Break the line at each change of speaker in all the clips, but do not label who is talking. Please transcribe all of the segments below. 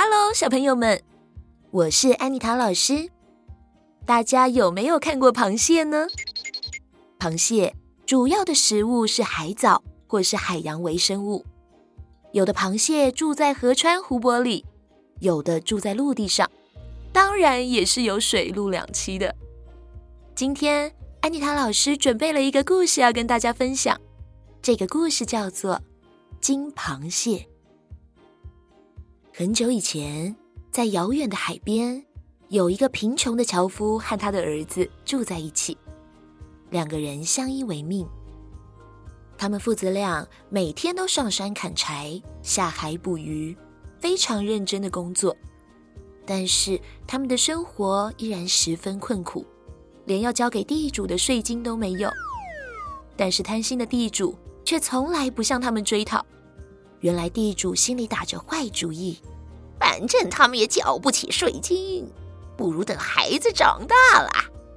哈嘍，小朋友們，我是安妮塔老師。大家有沒有看過螃蟹呢？螃蟹主要的食物是海藻或是海洋微生物。有的螃蟹住在河川、湖泊裡，有的住在陸地上，當然也是有水陸兩棲的。今天安妮塔老師準備了一個故事要跟大家分享，這個故事叫做《金螃蟹》。很久以前，在遙遠的海邊，有一個貧窮的樵夫和他的兒子住在一起，兩個人相依為命。他們父子倆每天都上山砍柴，下海捕魚，非常認真的工作。但是，他們的生活依然十分困苦，連要交給地主的稅金都沒有。但是，貪心的地主卻從來不向他們追討。原來地主心裡打着壞主意，反正他們也交不起稅金，不如等孩子長大了，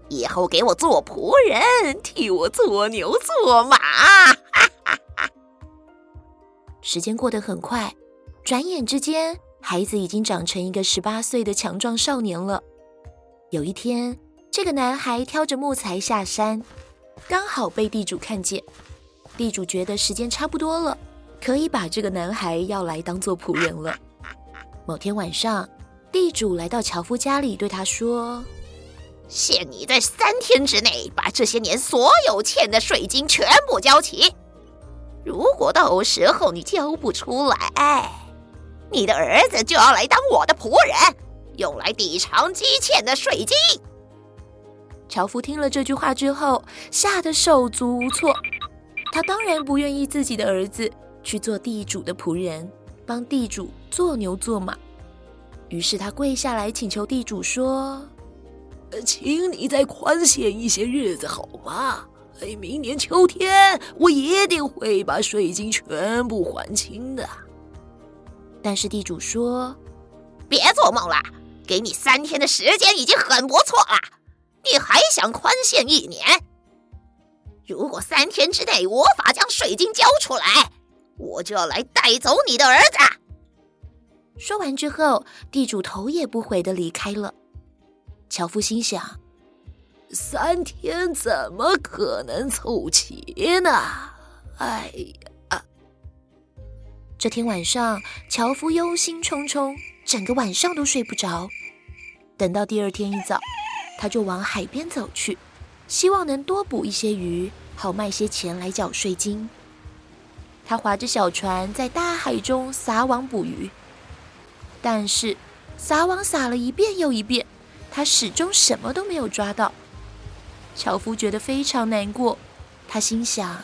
以後給我做僕人，替我做牛做馬。哈哈哈哈。時間過得很快，轉眼之間，孩子已經長成一個十八歲的強壯少年了。有一天，這個男孩挑着木材下山，剛好被地主看見。地主覺得時間差不多了。可以把這個男孩要來當做僕人了。某天晚上，地主來到樵夫家裡，對他說：“限你在三天之內把這些年所有欠的稅金全部交齊。如果到時候你交不出來，你的兒子就要來當我的僕人，用來抵償積欠的稅金。”樵夫聽了這句話之後，嚇得手足無措。他當然不願意自己的兒子。去做地主的僕人，幫地主做牛做馬。於是他跪下來請求地主說：“請你再寬限一些日子好嗎？哎，明年秋天我一定會把稅金全部還清的。”但是地主說：“別做夢了，給你三天的時間已經很不錯了，你還想寬限一年？如果三天之內無法將稅金交出來。”我就要來帶走你的兒子。說完之後，地主頭也不回地離開了。樵夫心想：三天怎麼可能湊齊呢？哎呀！這天晚上，樵夫憂心忡忡，整個晚上都睡不着。等到第二天一早，他就往海邊走去，希望能多捕一些魚，好賣些錢來繳稅金。他划着小船在大海中撒網捕魚，但是撒網撒了一遍又一遍，他始終什麼都沒有抓到。樵夫覺得非常難過，他心想：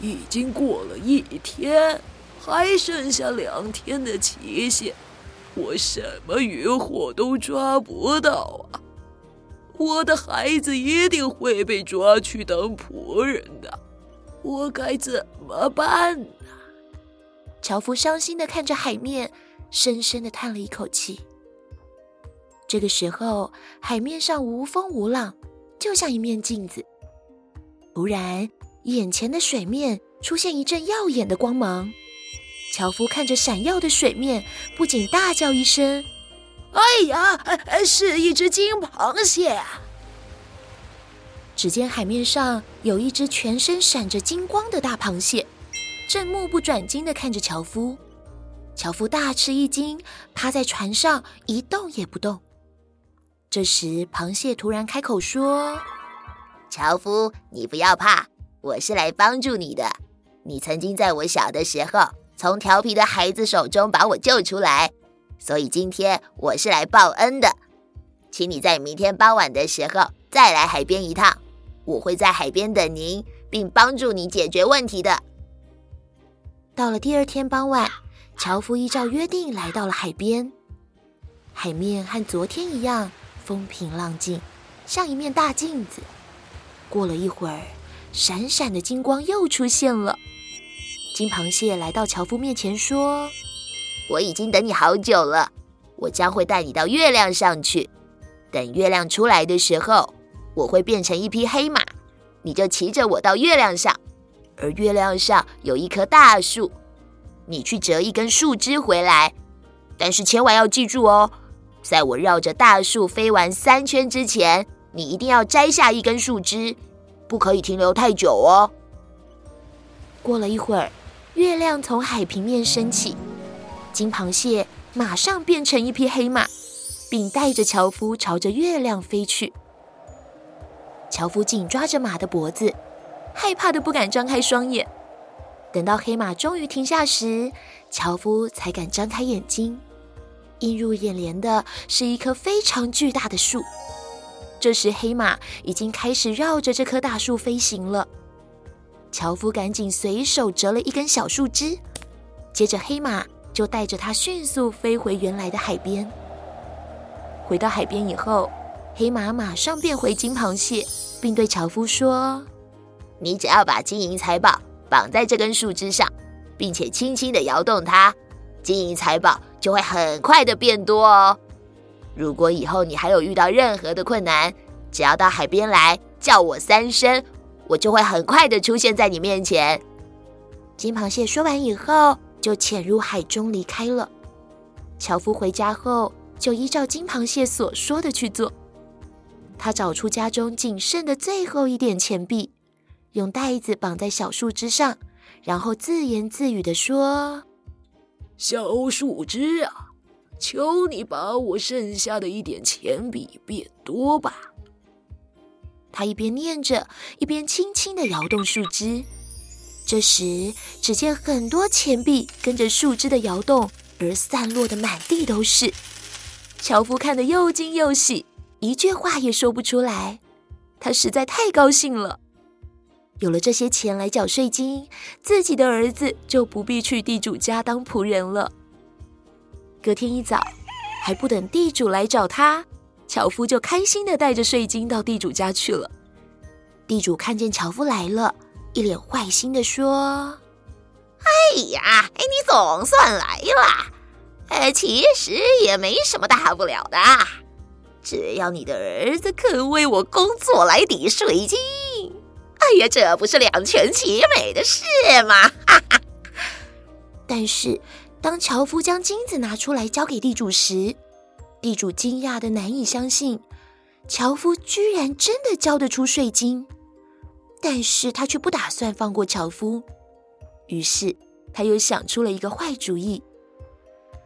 已經過了一天，還剩下兩天的期限，我什麼漁獲都抓不到啊！我的孩子一定會被抓去當僕人的。我該怎麼辦呢？樵夫傷心的看着海面，深深的嘆了一口氣。這個時候，海面上無風無浪，就像一面鏡子。突然，眼前的水面出現一陣耀眼的光芒。樵夫看着閃耀的水面，不禁大叫一聲：“哎呀，是一隻金螃蟹啊！”只見海面上有一只全身閃着金光的大螃蟹，正目不轉睛地看着樵夫。樵夫大吃一驚，趴在船上一動也不動。這時，螃蟹突然開口說：“樵夫，你不要怕，我是來幫助你的。你曾經在我小的時候，從調皮的孩子手中把我救出來，所以今天我是來報恩的。請你在明天傍晚的時候再來海邊一趟。”我會在海邊等您，並幫助你解決問題的。到了第二天傍晚，樵夫依照約定來到了海邊，海面和昨天一樣風平浪靜，像一面大鏡子。過了一會兒，閃閃的金光又出現了。金螃蟹來到樵夫面前說：“我已經等你好久了，我將會帶你到月亮上去，等月亮出來的時候。”我會變成一匹黑馬，你就騎着我到月亮上。而月亮上有一棵大樹，你去折一根樹枝回來。但是千萬要記住哦，在我繞着大樹飛完三圈之前，你一定要摘下一根樹枝，不可以停留太久哦。過了一會兒，月亮從海平面升起，金螃蟹馬上變成一匹黑馬，並帶着樵夫朝着月亮飛去。樵夫緊抓着馬的脖子，害怕的不敢張開雙眼。等到黑馬終於停下時，樵夫才敢張開眼睛，映入眼簾的是一棵非常巨大的樹。這時，黑馬已經開始繞着這棵大樹飛行了。樵夫趕緊隨手折了一根小樹枝，接着黑馬就帶着它迅速飛回原來的海邊。回到海邊以後。黑馬馬上變回金螃蟹，並對樵夫說：“你只要把金銀財寶綁在這根樹枝上，並且輕輕地搖動它，金銀財寶就會很快的變多哦。如果以後你還有遇到任何的困難，只要到海邊來叫我三聲，我就會很快的出現在你面前。”金螃蟹說完以後，就潛入海中離開了。樵夫回家後，就依照金螃蟹所說的去做。他找出家中僅剩的最後一點錢幣，用袋子綁在小樹枝上，然後自言自語地說：“小樹枝啊，求你把我剩下的一點錢幣變多吧。”他一邊念着，一邊輕輕的搖動樹枝。這時，只見很多錢幣跟着樹枝的搖動而散落的滿地都是。樵夫看得又驚又喜。一句話也說不出來，他實在太高興了。有了這些錢來繳稅金，自己的兒子就不必去地主家當僕人了。隔天一早，還不等地主來找他，樵夫就開心的帶着稅金到地主家去了。地主看見樵夫來了，一臉壞心的說：“哎呀，哎，你總算來了，呃、哎，其實也沒什麼大不了的。”只要你的兒子肯為我工作來抵稅金，哎呀，這不是兩全其美的事嗎？哈哈。但是，當樵夫將金子拿出來交給地主時，地主驚訝的難以相信，樵夫居然真的交得出稅金。但是他卻不打算放過樵夫，於是他又想出了一個壞主意。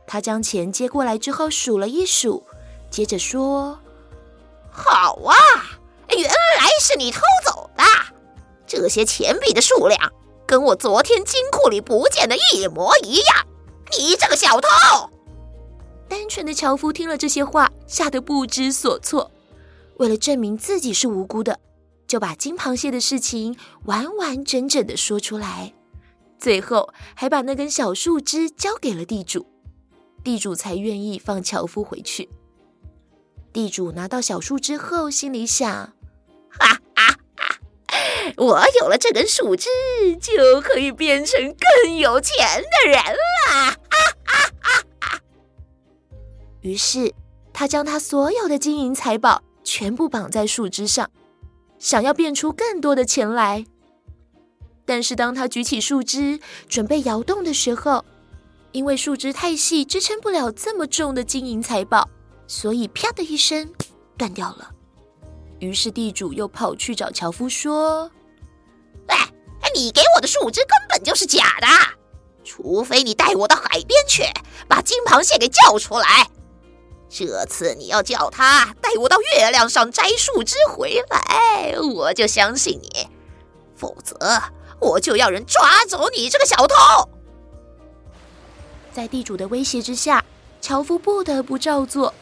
他將錢接過來之後數了一數。接着說：“好啊，原來是你偷走的！這些錢幣的數量跟我昨天金庫裡不見的一模一樣。你這個小偷！”單純的樵夫聽了這些話，嚇得不知所措。為了證明自己是無辜的，就把金螃蟹的事情完完整整的說出來，最後還把那根小樹枝交給了地主，地主才願意放樵夫回去。地主拿到小樹枝後，心裡想：“哈哈哈哈，我有了這根樹枝，就可以變成更有錢的人了。哈哈哈哈。”於是，他將他所有的金銀財寶全部綁在樹枝上，想要變出更多的錢來。但是，當他舉起樹枝準備搖動的時候，因為樹枝太細，支撐不了這麼重的金銀財寶。所以，啪的一聲，斷掉了。於是地主又跑去找樵夫說：“喂，哎，你給我的樹枝根本就是假的，除非你帶我到海邊去，把金螃蟹給叫出來。這次你要叫他帶我到月亮上摘樹枝回來，我就相信你；否則，我就要人抓走你這個小偷。”在地主的威脅之下，樵夫不得不照做。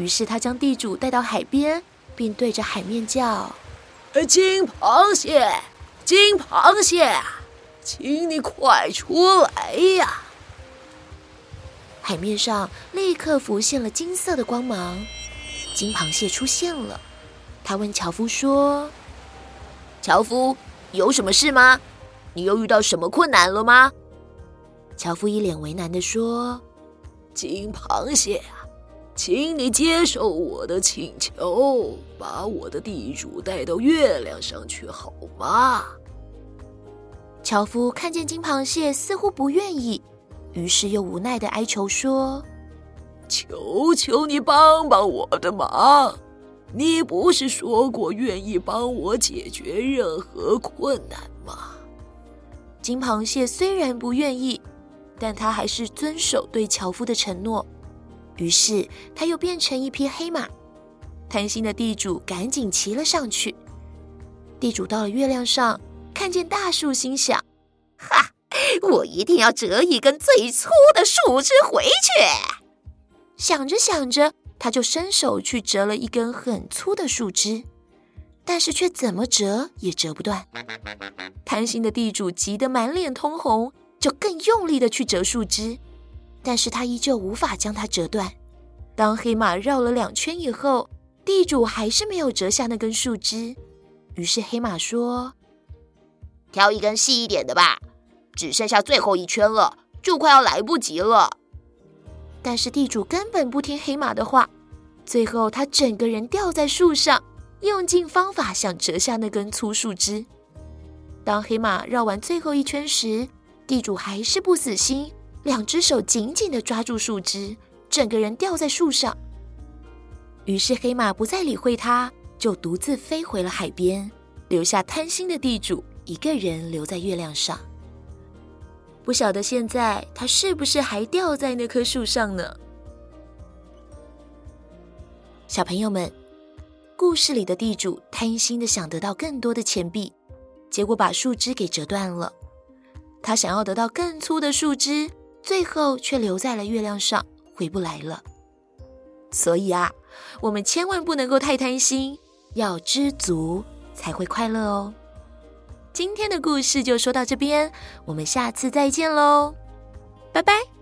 於是他將地主帶到海邊，並對着海面叫：“金螃蟹，金螃蟹啊，請，你快出來呀！”海面上立刻浮現了金色的光芒，金螃蟹出現了。他問樵夫說：“樵夫，有什麼事嗎？你又遇到什麼困難了嗎？”樵夫一臉為難地說：“金螃蟹。”請你接受我的請求，把我的地主帶到月亮上去，好嗎？樵夫看見金螃蟹似乎不願意，於是又無奈的哀求說：“求求你幫幫我的忙，你不是說過願意幫我解決任何困難嗎？”金螃蟹雖然不願意，但他還是遵守對樵夫的承諾。於是，他又變成一匹黑馬。貪心的地主趕緊騎了上去。地主到了月亮上，看見大樹，心想：“哈，我一定要折一根最粗的樹枝回去。”想着想着，他就伸手去折了一根很粗的樹枝，但是卻怎麼折也折不斷。貪心的地主急得滿臉通紅，就更用力的去折樹枝。但是他依舊無法將它折斷。當黑馬繞了兩圈以後，地主還是沒有折下那根樹枝。於是黑馬說：“挑一根細一點的吧，只剩下最後一圈了，就快要來不及了。”但是地主根本不聽黑馬的話。最後他整個人吊在樹上，用盡方法想折下那根粗樹枝。當黑馬繞完最後一圈時，地主還是不死心。兩隻手緊緊的抓住樹枝，整個人吊在樹上。於是黑馬不再理會他，就獨自飛回了海邊，留下貪心的地主一個人留在月亮上。不曉得現在他是不是還吊在那棵樹上呢？小朋友們，故事裡的地主貪心的想得到更多的錢幣，結果把樹枝給折斷了。他想要得到更粗的樹枝，最後卻留在了月亮上，回不來了。所以啊，我們千萬不能夠太貪心，要知足才會快樂哦。今天的故事就說到這邊，我們下次再見嘍，拜拜。